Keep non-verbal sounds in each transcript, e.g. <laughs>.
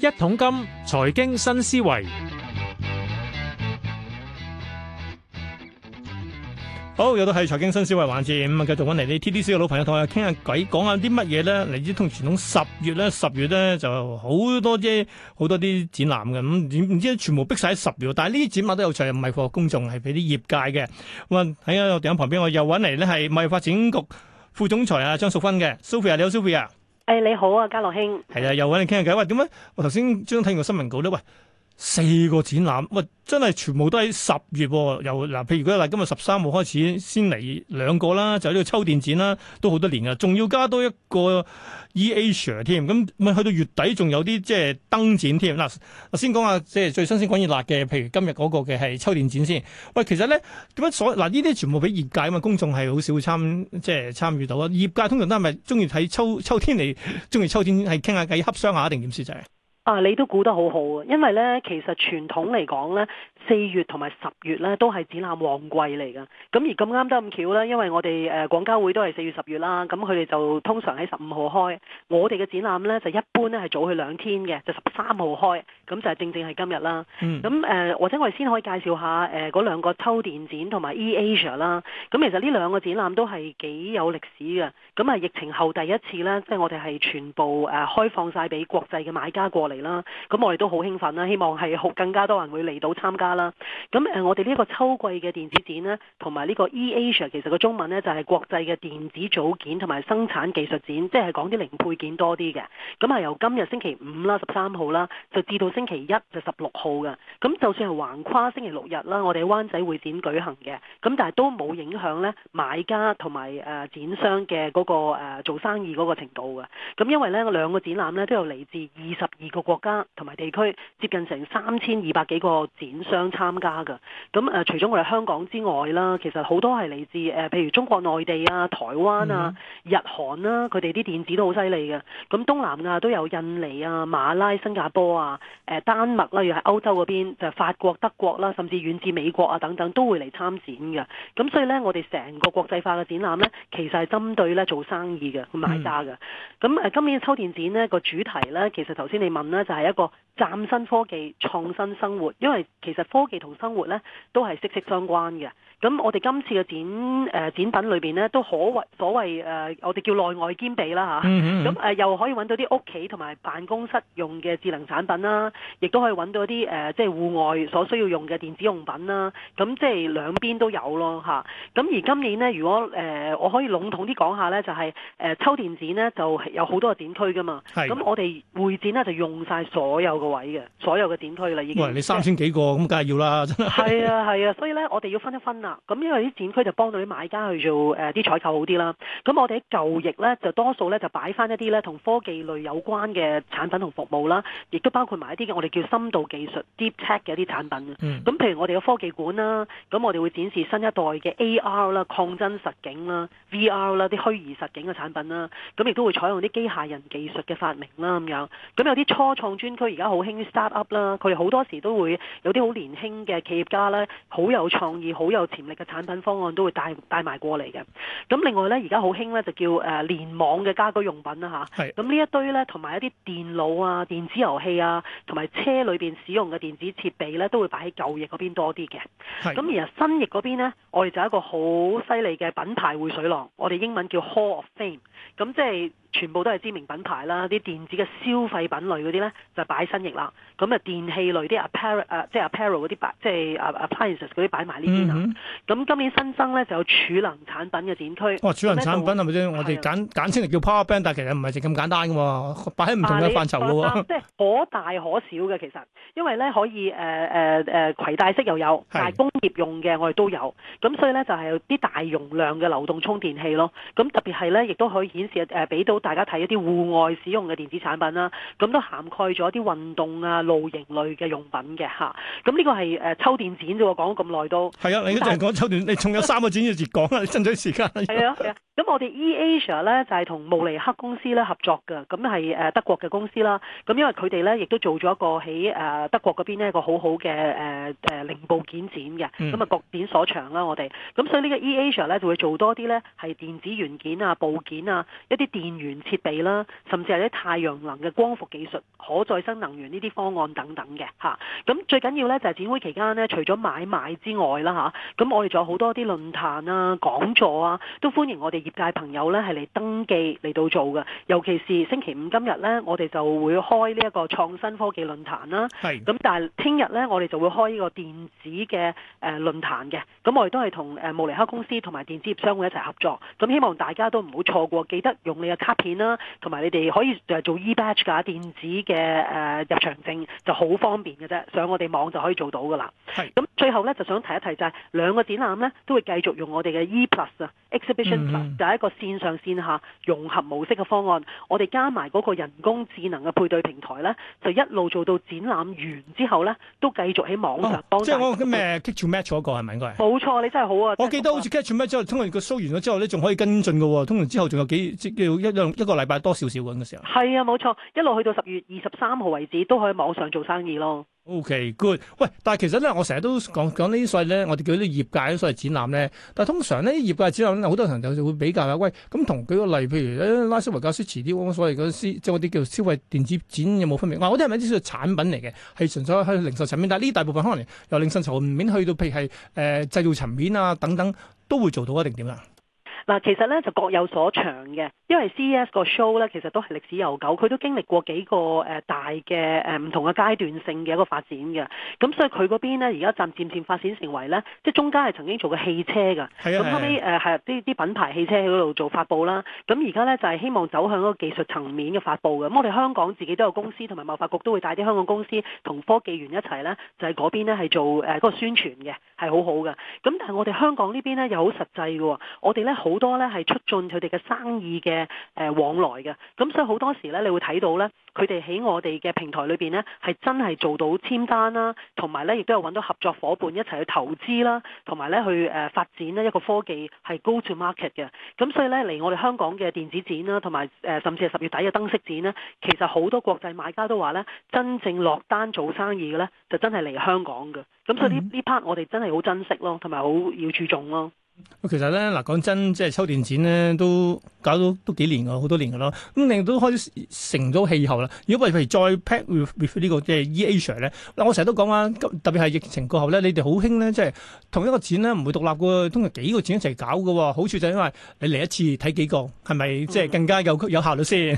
一桶金財經新思維，好，又到係財經新思維環節，咁啊繼續揾嚟啲 T D C 嘅老朋友同我傾下偈，講下啲乜嘢咧？嚟自同傳統十月咧，十月咧就好多啫，好多啲展覽嘅咁，唔唔知全部逼晒喺十月，但係呢啲展覽都有趣，唔係為公眾，係俾啲業界嘅。咁啊，睇下我頂緊旁邊，我又揾嚟咧係貿易發展局副總裁啊張淑芬嘅，Sophia 你好，Sophia。誒、哎，你好啊，嘉樂兄，係啊，又搵你傾下偈。喂，點解我頭先將睇完個新聞稿都喂。四個展覽，喂，真係全部都喺十月、啊，由嗱，譬如嗰今日十三號開始先嚟兩個啦，就呢個秋電展啦，都好多年啦，仲要加多一個 E Asia 添，咁咪去到月底仲有啲即係燈展添，嗱，先講下即係最新鮮、滾熱辣嘅，譬如今日嗰個嘅係秋電展先，喂，其實咧點樣所嗱呢啲全部俾業界啊嘛，公眾係好少參即係參與到啊，業界通常都係咪中意睇秋秋天嚟，中意秋天係傾下偈、洽商下定點先，就係。啊！你都估得好好啊，因為咧，其實傳統嚟講咧。四月同埋十月咧都係展覽旺季嚟㗎，咁而咁啱得咁巧咧，因為我哋誒廣交會都係四月十月啦，咁佢哋就通常喺十五號開，我哋嘅展覽呢就一般呢係早去兩天嘅，就十三號開，咁就係正正係今日啦。咁誒、嗯，或者我哋先可以介紹一下誒嗰兩個秋電展同埋 E Asia 啦。咁其實呢兩個展覽都係幾有歷史嘅，咁啊疫情後第一次呢，即係我哋係全部誒開放晒俾國際嘅買家過嚟啦。咁我哋都好興奮啦，希望係更加多人會嚟到參加。咁誒，我哋呢個秋季嘅電子展呢，同埋呢個 E Asia，其實個中文呢，就係國際嘅電子組件同埋生產技術展，即係講啲零配件多啲嘅。咁係由今日星期五啦，十三號啦，就至到星期一就十六號嘅。咁就算係橫跨星期六日啦，我哋灣仔會展舉行嘅，咁但係都冇影響呢買家同埋誒展商嘅嗰個、呃、做生意嗰個程度嘅。咁因為呢兩個展覽呢，都有嚟自二十二個國家同埋地區，接近成三千二百幾個展商。參加嘅咁誒，除咗我哋香港之外啦，其實好多係嚟自誒，譬如中國內地啊、台灣啊、日韓啊，佢哋啲電子都好犀利嘅。咁東南亞都有印尼啊、馬拉、新加坡啊、誒丹麥啦，又係歐洲嗰邊就法國、德國啦，甚至遠至美國啊等等都會嚟參展嘅。咁所以咧，我哋成個國際化嘅展覽咧，其實係針對咧做生意嘅買家嘅。咁誒，今年秋電展呢個主題咧，其實頭先你問呢，就係一個嶄新科技創新生活，因為其實科技同生活咧都係息息相關嘅。咁我哋今次嘅展誒、呃、展品裏邊咧都可謂所謂誒、呃，我哋叫內外兼備啦吓，咁誒、嗯嗯啊、又可以揾到啲屋企同埋辦公室用嘅智能產品啦，亦都可以揾到啲誒、呃、即係戶外所需要用嘅電子用品啦。咁、啊、即係兩邊都有咯吓，咁、啊、而今年咧，如果誒、呃、我可以籠統啲講下咧，就係、是、誒、呃、秋電展咧就有好多個展區噶嘛。咁的我哋會展咧就用晒所有嘅位嘅，所有嘅展區啦已經。哇！你三千幾個咁。就是嗯係 <laughs> 啊係啊，所以呢，我哋要分一分啦。咁因為啲展區就幫到啲買家去做啲、呃、採購好啲啦。咁我哋喺舊翼呢，就多數呢，就擺翻一啲呢同科技類有關嘅產品同服務啦，亦都包括埋一啲嘅我哋叫深度技術 Deep Tech 嘅一啲產品。咁、嗯、譬如我哋嘅科技館啦，咁我哋會展示新一代嘅 AR 啦、抗真實景啦、VR 啦啲虛擬實景嘅產品啦。咁亦都會採用啲機械人技術嘅發明啦咁樣。咁有啲初創專區而家好興 start up 啦，佢哋好多時都會有啲好年。年輕嘅企業家呢，好有創意、好有潛力嘅產品方案都會帶帶埋過嚟嘅。咁另外呢，而家好興呢，就叫誒聯網嘅家居用品啦吓。咁呢一堆呢，同埋一啲電腦啊、電子遊戲啊，同埋車裏面使用嘅電子設備呢，都會擺喺舊翼嗰邊多啲嘅。咁的而新翼嗰邊呢，我哋就一個好犀利嘅品牌薈萃廊，我哋英文叫 Hall of Fame。咁即係。全部都係知名品牌啦，啲電子嘅消費品類嗰啲咧就擺新型啦。咁啊，電器類啲 apparel 啊，即係 apparel 嗰啲擺，即係啊啊 appliance 啲擺埋呢邊啊。咁、嗯、哼今年新增咧就有儲能產品嘅展區。哇、哦！儲能產品係咪先？我哋的簡簡稱嚟叫 power band 但係其實唔係淨咁簡單嘅喎，擺喺唔同嘅範疇嘅喎。啊、 <laughs> 即係可大可少嘅其實，因為咧可以誒誒誒攜帶式又有，但係的工業用嘅我哋都有。咁所以咧就係、是、啲大容量嘅流動充電器咯。咁特別係咧，亦都可以顯示誒俾、呃、到。大家睇一啲戶外使用嘅電子產品啦，咁都涵蓋咗一啲運動啊、露營類嘅用品嘅嚇。咁呢個係誒秋電展嘅喎，講咗咁耐都係啊！但你一陣講秋電， <laughs> 你仲有三個展要講啊！你爭取時間。係啊！係啊！ <laughs> 咁我哋 E Asia 咧就係同慕尼黑公司咧合作嘅，咁係德國嘅公司啦。咁因為佢哋咧亦都做咗一個喺德國嗰邊一個好好嘅誒零部件展嘅，咁啊各顯所長啦我哋。咁所以呢個 E Asia 咧就會做多啲咧係電子元件啊、部件啊、一啲電源設備啦，甚至係啲太陽能嘅光伏技術、可再生能源呢啲方案等等嘅嚇。咁最緊要咧就係展會期間咧，除咗買賣之外啦嚇。咁我哋仲有好多啲論壇啊、講座啊，都歡迎我哋，業界朋友咧係嚟登記嚟到做嘅，尤其是星期五今日咧，我哋就會開呢一個創新科技論壇啦。係是。咁但係聽日咧，我哋就會開呢個電子嘅誒論壇嘅。咁、呃、我哋都係同誒慕尼克公司同埋電子業商會一齊合作。咁希望大家都唔好錯過，記得用你嘅卡片啦，同埋你哋可以做 e-batch 噶電子嘅誒、呃、入場證就好方便嘅啫，上我哋網就可以做到噶啦。係是。咁最後咧就想提一提就係、是、兩個展覽咧都會繼續用我哋嘅 e-plus 啊，exhibition plus、嗯就係一個線上線下融合模式嘅方案，我哋加埋嗰個人工智能嘅配對平台呢，就一路做到展覽完之後呢，都繼續喺網上幫、哦、即係我嘅咩 Catch To Match 嗰個係咪應該？冇錯，你真係好啊！好啊，我記得好似 Catch To Match 之後，通完個 show 完咗之後你仲可以跟進㗎喎、哦。通完之後仲有幾一兩一個禮拜多少少咁嘅時候。係啊，冇錯，一路去到十月二十三號為止，都可以網上做生意咯。OK good，喂，但係其實咧，我成日都講講,講呢啲所謂咧，我哋叫啲業界所謂展覽咧，但係通常呢啲業界展覽呢，好多朋友就會比較啦。喂，咁同舉個例，譬如拉斯維加斯遲啲，所謂嗰啲即係我哋叫消費電子展有冇分別？嗱，我哋係咪啲叫做產品嚟嘅？係純粹喺零售層面。但係呢大部分可能由零售層面去到，譬如係、呃、製造層面啊等等，都會做到一定點啦？嗱，其實咧就各有所長嘅，因為 CES 個 show 咧其實都係歷史悠久，佢都經歷過幾個、呃、大嘅、呃、唔同嘅階段性嘅一個發展嘅，咁所以佢嗰邊呢，而家暫漸漸發展成為呢，即係中間係曾經做過汽車㗎，咁的後屘誒係啲啲品牌汽車喺嗰度做發布啦，咁而家呢，就係、是、希望走向一個技術層面嘅發布嘅，咁我哋香港自己都有公司同埋貿發局都會帶啲香港公司同科技園一齊呢，就係、是、嗰邊呢係做誒個宣傳嘅，係好好嘅，咁但係我哋香港呢邊呢，又好實際嘅，我哋呢好。好多咧係促進佢哋嘅生意嘅誒往來嘅，咁所以好多時咧你會睇到咧，佢哋喺我哋嘅平台裏邊咧係真係做到簽單啦，同埋咧亦都有搵到合作夥伴一齊去投資啦，同埋咧去誒發展呢一個科技係 go to market 嘅，咁所以咧嚟我哋香港嘅電子展啦，同埋誒甚至係十月底嘅燈飾展咧，其實好多國際買家都話咧真正落單做生意嘅咧就真係嚟香港嘅，咁所以呢呢 part 我哋真係好珍惜咯，同埋好要注重咯。其實咧嗱，講真，即係秋電展咧，都搞咗都幾年噶，好多年噶咯。咁令到開始成咗氣候啦。如果不如再 pack with 呢個即係 eASIA 呢，嗱，我成日都講啊，特別係疫情過後咧，你哋好興咧，即係同一個展咧唔會獨立個，通常幾個展一齊搞噶。好處就係因為你嚟一次睇幾個，係咪即係更加有、嗯、有效率先？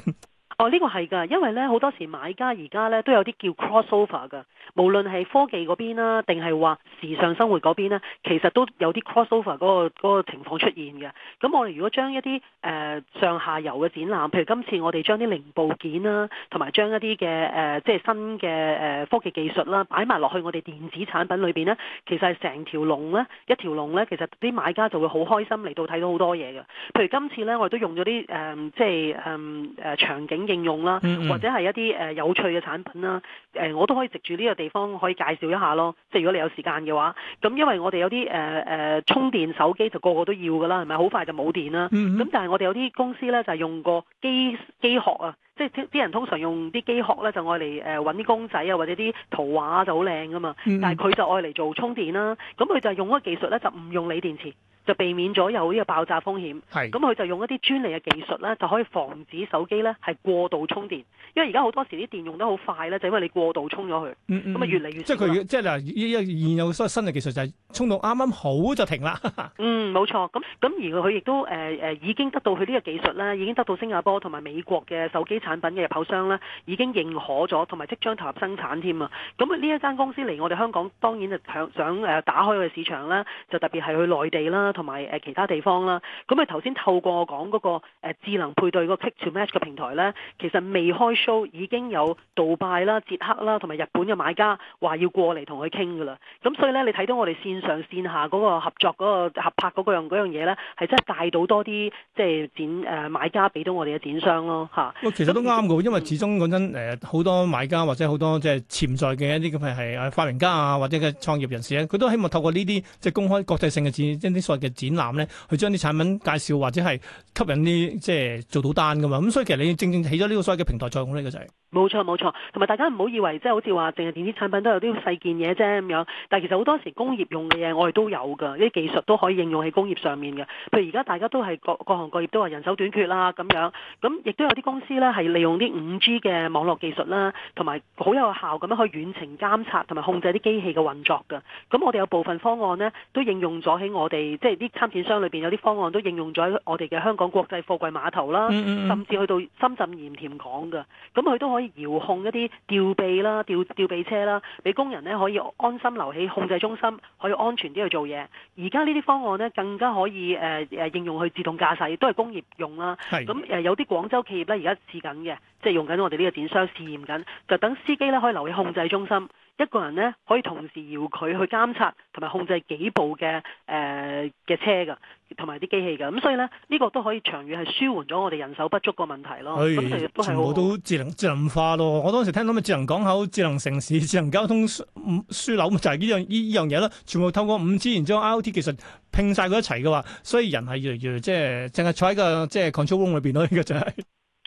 哦，呢、呢個係噶，因為咧好多時買家而家咧都有啲叫 cross over 噶。無論係科技嗰邊啦，定係話時尚生活嗰邊啦，其實都有啲 cross over 嗰個嗰個情況出現嘅。咁我哋如果將一啲誒、呃、上下游嘅展覽，譬如今次我哋將啲零部件啦，同埋將一啲嘅、呃、即係新嘅誒、呃、科技技術啦，擺埋落去我哋電子產品裏面呢，其實係成條龍呢，一條龍呢，其實啲買家就會好開心嚟到睇到好多嘢嘅。譬如今次呢，我哋都用咗啲誒即係誒誒場景應用啦，或者係一啲有趣嘅產品啦、呃，我都可以藉住呢個。地方可以介紹一下咯，即係如果你有時間嘅話，咁因為我哋有啲誒誒充電手機就個個都要㗎啦，係咪？好快就冇電啦。咁、mm hmm. 但係我哋有啲公司咧就係、是、用個機機殼啊，即係啲人通常用啲機殼咧就愛嚟誒揾啲公仔啊，或者啲圖畫、啊、就好靚㗎嘛。Mm hmm. 但係佢就愛嚟做充電啦，咁佢就係用嗰個技術咧就唔用鋰電池。就避免咗有呢個爆炸風險。咁佢是就用一啲專利嘅技術咧，就可以防止手機咧係過度充電。因為而家好多時啲電用得好快咧，就因為你過度充咗佢。咁啊、嗯，越嚟越即係佢，即係嗱，依有現有新嘅技術就係充到啱啱好就停啦。 <laughs> 嗯，冇錯。咁咁而佢亦都、呃、已經得到佢呢個技術啦，已經得到新加坡同埋美國嘅手機產品嘅入口商咧，已經認可咗，同埋即將投入生產添啊！咁呢一間公司嚟我哋香港當然就想打開個市場啦，就特別係去內地啦。同埋誒其他地方啦，咁啊頭先透過我講嗰個誒智能配對嗰個 Click2Match 嘅平台咧，其實未開 show 已經有杜拜啦、捷克啦同埋日本嘅買家話要過嚟，同佢傾噶啦。咁所以咧，你睇到我哋線上線下嗰個合作嗰個合拍嗰個樣嗰樣嘢，咧係真係帶到多啲即係展，誒買家俾到我哋嘅展商咯吓，其實都啱嘅、嗯、因為始終講真誒好多買家或者好多即係潛在嘅一啲咁嘅係誒發明家啊，或者嘅創業人士咧，佢都希望透過呢啲即係公開國際性嘅展，一啲嘅展覽呢，去將啲產品介紹或者係吸引啲即係做到單噶嘛，咁所以其實你正正起咗呢個所謂嘅平台作用咧、就係，就係，冇錯冇錯，同埋大家唔好以為即係好似話淨係電子產品都有啲細件嘢啫咁樣，但係其實好多時工業用嘅嘢我哋都有㗎，呢啲技術都可以應用喺工業上面嘅。譬如而家大家都係各各行各業都話人手短缺啦咁樣，咁亦都有啲公司呢，係利用啲五 G 嘅網絡技術啦，同埋好有效咁樣去遠程監察同埋控制啲機器嘅運作㗎。咁我哋有部分方案呢，都應用咗喺我哋即啲參展商裏邊有啲方案都應用咗我哋嘅香港國際貨櫃碼頭啦，嗯嗯、甚至去到深圳鹽田港噶，咁佢都可以遙控一啲吊臂啦、吊吊臂車啦，俾工人咧可以安心留喺控制中心，可以安全啲去做嘢。而家呢啲方案咧更加可以誒誒、呃、應用去自動駕駛，都係工業用啦。咁誒是有啲廣州企業咧而家試緊嘅，即係用緊我哋呢個展商試驗緊，就等司機咧可以留喺控制中心。一個人咧可以同時搖佢去監察同埋控制幾部嘅嘅、呃、車㗎，同埋啲機器㗎。咁所以咧，呢、呢個都可以長遠係舒緩咗我哋人手不足嘅問題咯。咁佢、哎、都好全部都智能智能化咯。我當時聽到咪智能港口、智能城市、智能交通、樞紐就係呢樣呢呢樣嘢啦。全部透過五 G 連接 IoT 技術拼晒佢一齊嘅話，所以人係越嚟越即係淨係坐喺個即係、就是、control room 裏面咯，呢個就係。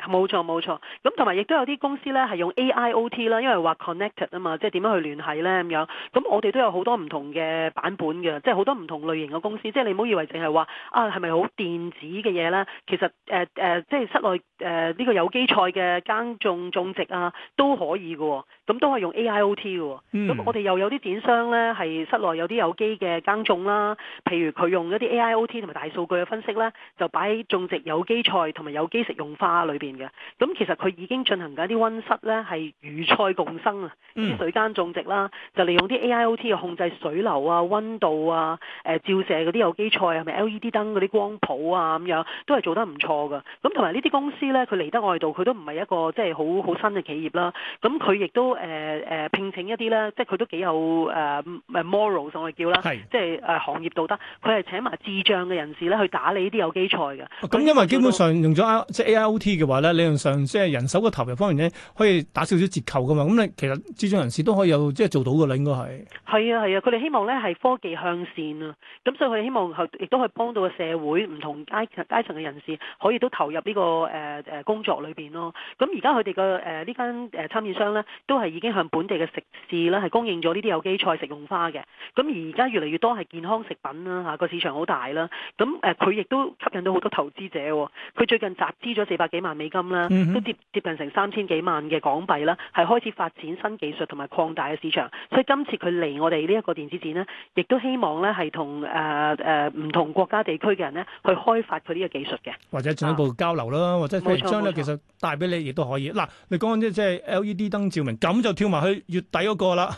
冇錯冇錯，咁同埋亦都有啲公司呢係用 AIoT 啦，因為話 connected 啊嘛，即係點樣去聯繫呢？咁樣。咁我哋都有好多唔同嘅版本嘅，即係好多唔同類型嘅公司。即係你唔好以為淨係話「啊係咪好電子嘅嘢呢？」其實誒、呃呃、即係室內誒呢、呃呢個有機菜嘅耕種種植啊都可以㗎喎，咁都係用 AIoT 㗎喎。咁、嗯、我哋又有啲展商呢，係室內有啲有機嘅耕種啦，譬如佢用一啲 AIoT 同埋大數據嘅分析呢，就擺喺種植有機菜同埋有機食用花裏邊。咁、嗯、其實佢已經進行緊啲溫室咧係魚菜共生啊，啲水間種植啦，就利用啲 A I O T 嘅控制水流啊、溫度啊、誒照射嗰啲有機菜係咪 L E D 燈嗰啲光譜啊咁樣都係做得唔錯㗎。咁同埋呢啲公司咧，佢嚟得外度佢都唔係一個即係好好新嘅企業啦。咁佢亦都誒誒聘請一啲咧，即係佢都幾有誒誒 moral 是我哋叫啦，即係誒行業道德。佢係請埋智障嘅人士咧去打理呢啲有機菜嘅。咁、哦、因為基本上用咗即係 A I O T 嘅話。理論上即係人手嘅投入方面咧，可以打少少折扣噶嘛。咁你其實資眾人士都可以有即係做到噶啦，應該係。係啊，係啊，佢哋希望咧係科技向善啊。咁所以佢哋希望亦都可以幫到個社會唔同階階層嘅人士，可以都投入呢個誒誒工作裏邊咯。咁而、呃、家佢哋嘅誒呢間誒參展商咧，都係已經向本地嘅食肆啦，係供應咗呢啲有機菜、食用花嘅。咁而家越嚟越多係健康食品啦，嚇個市場好大啦。咁誒，佢亦都吸引到好多投資者喎。佢最近集資咗四百幾萬美金。金啦，嗯、都接接近成三千幾萬嘅港幣啦，係開始發展新技術同埋擴大嘅市場，所以今次佢嚟我哋呢一個電子展咧，亦都希望咧係同誒誒唔同國家地區嘅人咧去開發佢呢個技術嘅，或者進一步交流啦，啊、或者可以將呢技術帶俾你亦都可以。嗱，你講緊即係 LED 燈照明，咁就跳埋去月底嗰個啦，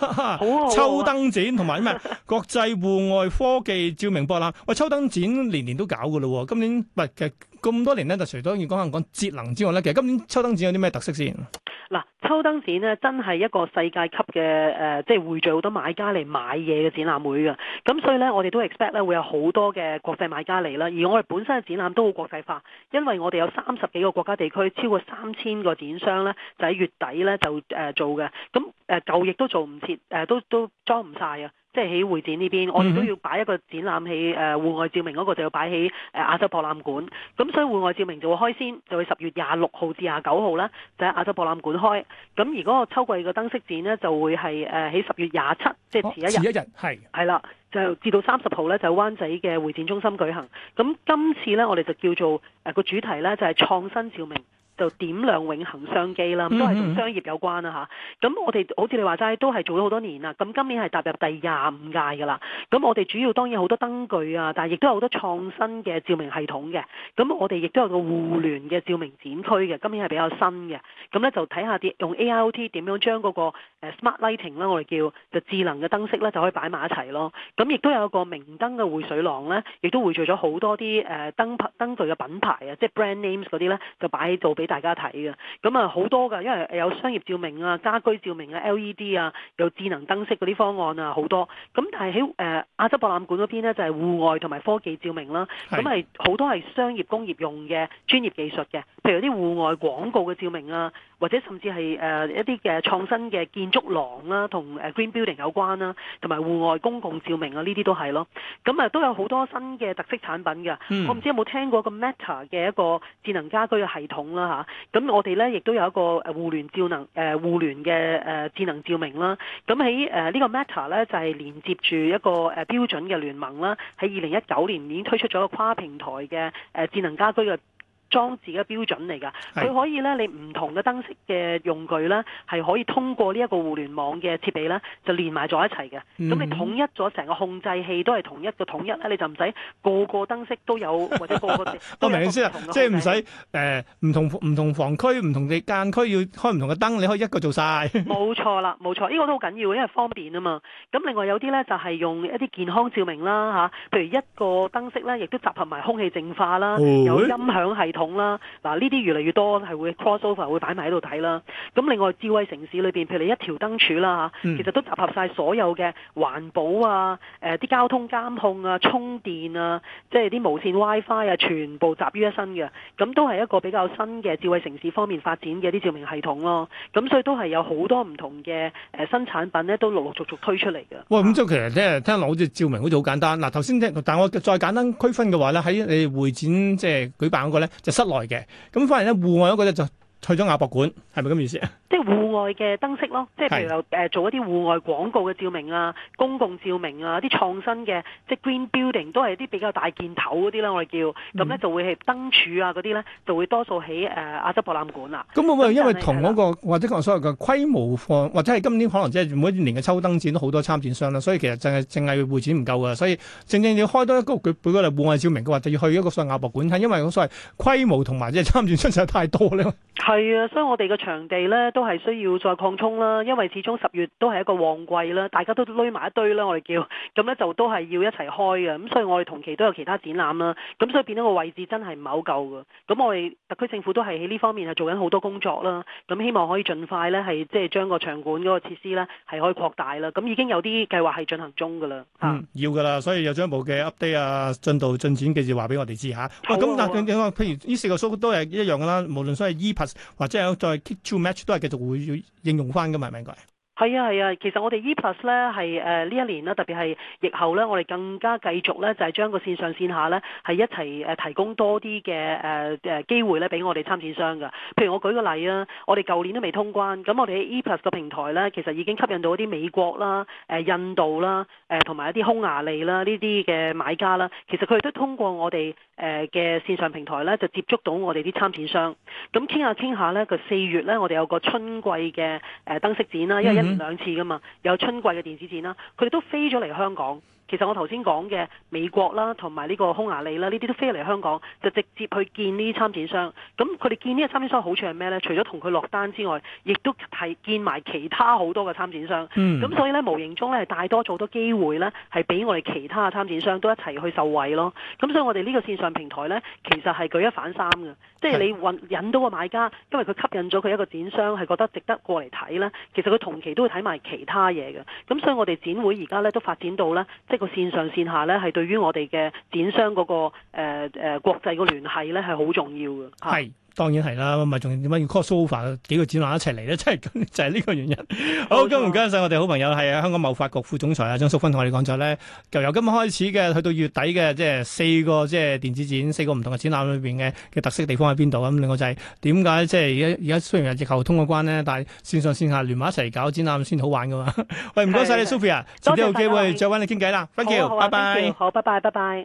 秋燈展同埋咩國際戶外科技照明博覽會，秋 <laughs> 燈展年年都搞噶啦，今年唔嘅。咁多年咧，就除咗要講下講節能之外咧，其實今年秋燈展有啲咩特色先？嗱，秋燈展咧真係一個世界級嘅誒、呃，即係匯聚好多買家嚟買嘢嘅展覽會㗎。咁所以咧，我哋都 expect 咧會有好多嘅國際買家嚟啦。而我哋本身嘅展覽都好國際化，因為我哋有三十幾個國家地區，超過三千個展商咧，就喺月底咧就誒做嘅。咁誒舊亦、呃、都做唔切，誒都都裝唔晒啊！即係喺會展呢邊，我哋都要擺一個展覽，喺誒戶外照明嗰個就要擺喺誒亞洲博覽館，咁所以戶外照明就會先開先，就會十月廿六號至廿九號啦，就喺亞洲博覽館開。咁而嗰個秋季嘅燈飾展呢，就會係誒喺十月廿七，即係前一日，前、哦、一日係係啦，就至到三十號咧就喺灣仔嘅會展中心舉行。咁今次呢，我哋就叫做誒、呃、個主題呢，就係、是、創新照明。就點亮永恒商機啦，都係同商業有關啦吓。咁我哋好似你話齋，都係做咗好多年啦。咁今年係踏入第廿五屆㗎啦。咁我哋主要當然有好多燈具啊，但係亦都有好多創新嘅照明系統嘅。咁我哋亦都有個互聯嘅照明展區嘅。今年係比較新嘅。咁咧就睇下啲用 AIOT 點樣將嗰個。smart lighting 啦，我哋叫就智能嘅燈飾咧，就可以擺埋一齊咯。咁亦都有個明燈嘅匯水廊咧，亦都匯聚咗好多啲誒、呃、燈品燈具嘅品牌啊，即係 brand names 嗰啲咧，就擺喺度俾大家睇嘅。咁啊好多噶，因為有商業照明啊、家居照明啊、LED 啊，有智能燈飾嗰啲方案啊，好多。咁但係喺誒亞洲博覽館嗰邊咧，就係、是、戶外同埋科技照明啦、啊。咁係好多係商業工業用嘅專業技術嘅，譬如啲戶外廣告嘅照明啊，或者甚至係誒、呃、一啲嘅創新嘅建築竹狼啦、啊，同 green building 有關啦、啊，同埋戶外公共照明啊，呢啲都係咯。咁啊，都有好多新嘅特色產品嘅。嗯、我唔知有冇聽過個 Matter 嘅一個智能家居嘅系統啦、啊、咁、啊、我哋呢亦都有一個互聯照明、呃、互聯嘅、呃、智能照明啦、啊。咁喺、呃這個、呢個 Matter 就係、是、連接住一個、呃、標準嘅聯盟啦、啊。喺二零一九年已經推出咗個跨平台嘅、呃、智能家居嘅。裝置嘅標準嚟㗎，佢是可以咧，你唔同嘅燈飾嘅用具咧，係可以通過呢一個互聯網嘅設備咧，就連埋咗一齊嘅。咁、嗯、你統一咗成個控制器都係同一個統一咧，你就唔使個個燈飾都有 <laughs> 或者個個都唔同嘅。我明先啦，即係唔使誒，唔、呃、同唔同房區、唔同嘅間區要開唔同嘅燈，你可以一個做晒。冇 <laughs> 錯啦，冇錯，呢、這個都好緊要，因為方便啊嘛。咁另外有啲咧就係、是、用一啲健康照明啦吓、啊，譬如一個燈飾咧，亦都集合埋空氣淨化啦，哦、有音響系統。啦嗱，呢啲、嗯嗯、越嚟越多係會 crossover，會擺埋喺度睇啦。咁另外智慧城市裏邊，譬如一條燈柱啦，其實都集合晒所有嘅環保啊、誒、啊、啲交通監控啊、充電啊、即係啲無線 WiFi 啊，全部集於一身嘅。咁都係一個比較新嘅智慧城市方面發展嘅啲照明系統咯。咁、啊啊、所以都係有好多唔同嘅誒新產品咧，都陸陸續續推出嚟嘅。喂、嗯，咁即係其實咧，聽落好似照明好似好簡單。嗱、啊，頭先聽，但我再簡單區分嘅話咧，喺你會展即係舉辦嗰、嗰個咧、就係室內嘅，咁翻嚟咧戶外 𠮶 隻就。去咗亞博館係咪咁意思啊？即係戶外嘅燈飾咯，即係譬如又做一啲戶外廣告嘅照明啊、的公共照明啊、啲創新嘅即 green building 都係啲比較大件頭嗰啲咧，我哋叫咁咧就會係燈柱啊嗰啲咧就會多數喺誒、啊、亞洲博覽館啦、啊。咁會唔會，因為同嗰、那個的或者講所謂嘅規模放，或者係今年可能即係每一年嘅秋燈展都好多參展商啦，所以其實就係淨係會展唔夠㗎，所以正正要開多一個佢，如果係戶外照明嘅話，就要去一個所謂亞博館睇，因為所謂規模同埋即係參展商實在太多啦。係啊，所以我哋個場地咧都係需要再擴充啦，因為始終十月都係一個旺季啦，大家都堆埋一堆啦，我哋叫咁咧就都係要一齊開嘅，咁所以我哋同期都有其他展覽啦，咁所以變咗個位置真係唔係好夠㗎，咁我哋特區政府都係喺呢方面係做緊好多工作啦，咁希望可以盡快咧係即係將個場館嗰個設施咧係可以擴大啦，咁已經有啲計劃係進行中㗎啦、嗯啊、要㗎啦，所以有將部嘅 update 啊進度進展記住話俾我哋知嚇。咁但係點講？譬如呢四個 show 都係一樣㗎啦，無論所謂或者有再 keep two match 都係繼續會應用翻嘅嘛，明唔明個？係啊係啊，其實我哋 E Plus 咧係誒呢、呃、一年啦，特別係疫後呢，我哋更加繼續呢，就係將個線上線下呢係一齊誒、呃、提供多啲嘅誒誒機會呢俾我哋參展商㗎。譬如我舉個例啦，我哋舊年都未通關，咁我哋喺 E Plus 個平台呢，其實已經吸引到一啲美國啦、呃、印度啦、呃、同埋一啲匈牙利啦呢啲嘅買家啦。其實佢哋都通過我哋嘅、呃、線上平台呢，就接觸到我哋啲參展商。咁傾下傾下呢，佢四月呢，我哋有個春季嘅誒燈飾展啦，因為兩、嗯、次噶嘛，有春季嘅電子展啦、啊，佢哋都飛咗嚟香港。其實我頭先講嘅美國啦，同埋呢個匈牙利啦，呢啲都飛嚟香港，就直接去見呢啲參展商。咁佢哋見呢個參展商好處係咩呢？除咗同佢落單之外，亦都係見埋其他好多嘅參展商。咁、嗯、所以呢，無形中呢，大多做多機會呢，係俾我哋其他嘅參展商都一齊去受惠咯。咁所以我哋呢個線上平台呢，其實係舉一反三嘅，即係你引到個買家，因為佢吸引咗佢一個展商係覺得值得過嚟睇呢。其實佢同期都會睇埋其他嘢嘅。咁所以我哋展會而家呢，都發展到呢。一個線上線下咧，係對於我哋嘅展商嗰、那個誒誒、呃呃、國際嘅聯繫咧，係好重要嘅。係。當然係啦，咪仲點解要 call Sophia 幾個展覽一齊嚟咧？真係就係呢個原因。好，錯今日唔該晒我哋好朋友係啊，香港貿發局副總裁啊張淑芬同我哋講咗咧，就由今日開始嘅去到月底嘅，即係四個即係電子展，四個唔同嘅展覽裏邊嘅嘅特色地方喺邊度咁？另外就係點解即係而家而家雖然疫後通嘅關咧，但係線上線下聯埋一齊搞展覽先好玩噶嘛？喂的，唔該晒你的 Sophia，趁呢個機會再揾你傾偈啦，Thank you，拜拜，好，拜拜 bye，拜拜。